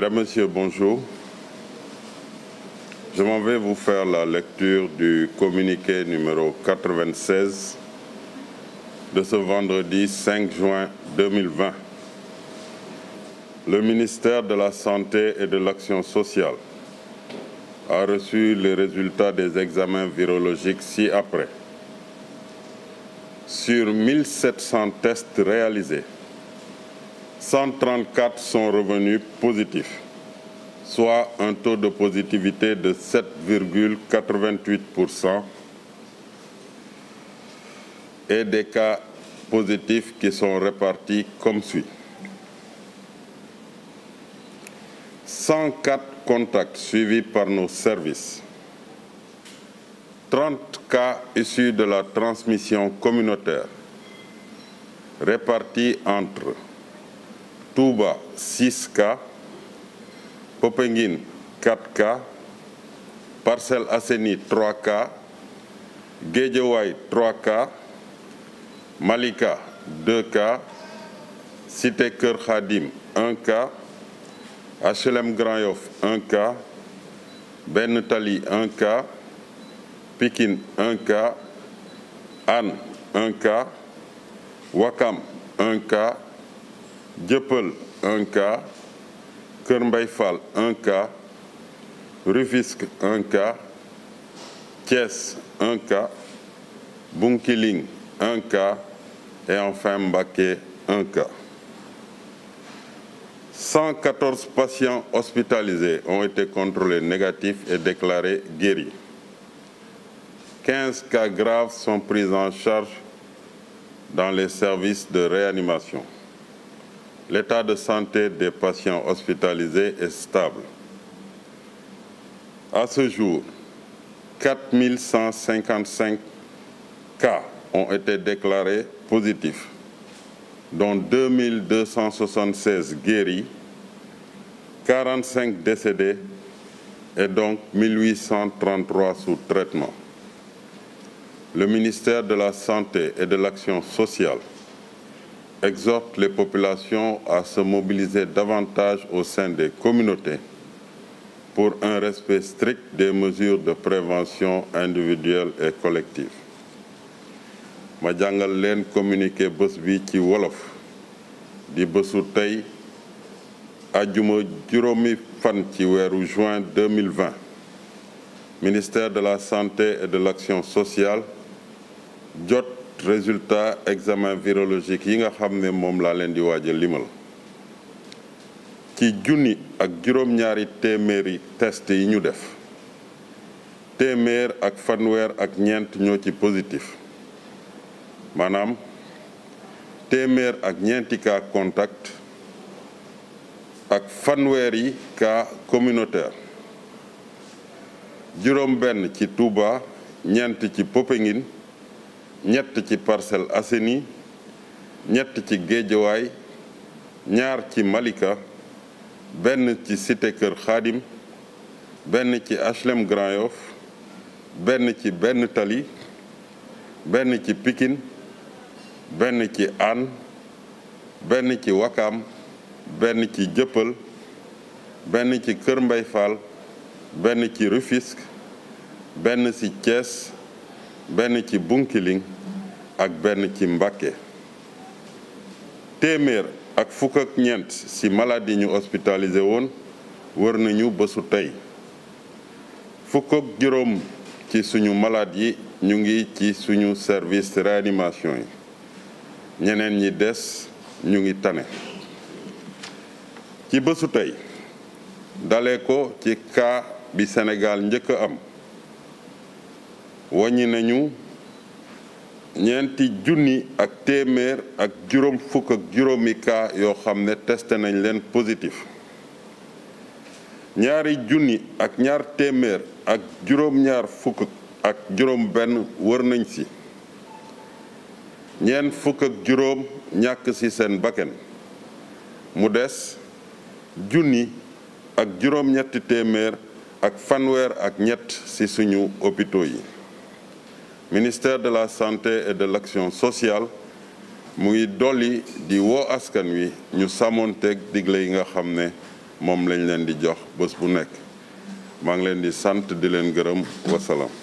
Mesdames, Messieurs, bonjour. Je m'en vais vous la lecture du communiqué numéro 96 de ce vendredi 5 juin 2020. Le ministère de la Santé et de l'Action sociale a reçu les résultats des examens virologiques ci-après. Sur 1700 tests réalisés, 134 sont revenus positifs, soit un taux de positivité de 7,88% et des cas positifs qui sont répartis comme suit. 104 contacts suivis par nos services. 30 cas de la transmission communautaire, répartis entre Touba 6 cas Popenguine parcel cas Parcelles Assainies 3 cas Guédiawaye 3 cas Malika 2 cas Keur Khadim 1 cas HLM Grand Benn Tali 1 cas Pikine Anne 1 cas Ouakam Dieuppeul un cas Kër Mbaye Fall un cas Rufisque un cas Thiès un cas Bounkiling un cas et enfin Mbacké un cas. patients hospitalisés ont été contrôlés négatifs et déclarés guéris. quinze cas graves sont pris en charge dans les services de réanimation. L'état de santé des patients hospitalisés est stable. À ce jour, 4155 cas ont été déclarés positifs, dont 2276 guéris, 45 décédés et donc 1833 sous traitement. Le ministère de la Santé et de l'Action sociale exhorte les populations à se mobiliser davantage au sein des communautés pour un respect strict des mesures de prévention individuelle et collective. ma jàngal leen communiqué bés bi ci wolof di bésu tey ajuma jurómi fan ci weeru juin 2020 ministère de la santé et de l'action sociale jot résultat examen virologique yi nga xam ne moom laa leen di waaja a limal ci junni ak juróom-ñaari téeméeri test yi ñu def téeméer ak fanweer ak ñeent ñoo ci positif maanaam téeméer ak ñeenti ka contact ak fanweeri cas communautaire juróom benn ci tuuba ñeent ci Popenguine ñett ci Parcelles Assainies ñett ci Guédiawaye ñaar ci Malika benn ci Cité Kër Xaadim benn ci HLM Grand benn ci Benn Tali benn ci pikin benn ci Hann benn ci wakam benn ci Jëppal benn ci Kër Mbay Fall benn ci Rufisque benn ci Thiès benn ci Bunkiling ak benn ci Mbacké téeméer ak fukk ak ci malade yi ñu hospitalisé woon wër nañu bésu tey fukk ak juróom ci suñu malade yi ñu ngi ci suñu service réanimation yi ñeneen ñi des ñu ngi tane ci bésu tey dale ko ci cas bi senegal njëkk a am waññi nañu ñeenti junni ak téeméer ak juróom fukk ak juróomi cas yoo xam ne testé nañ leen positif ñaari junni ak ñaar téeméer ak juróom-ñaar fukk ak juróom benn wër nañ ci ñeent fukk ak juróom ñàkk ci seen bakken mu des junni ak juróom-ñetti téeméer ak fanweer ak ñett ci suñu hôpitaux yi ministère de la santé et de l'action sociale mu ngi dolli di woo askan wi ñu teg digle yi nga xam ne moom lañ leen di jox bés bu nekk maa ngi leen di sant di leen gërëm wasalaam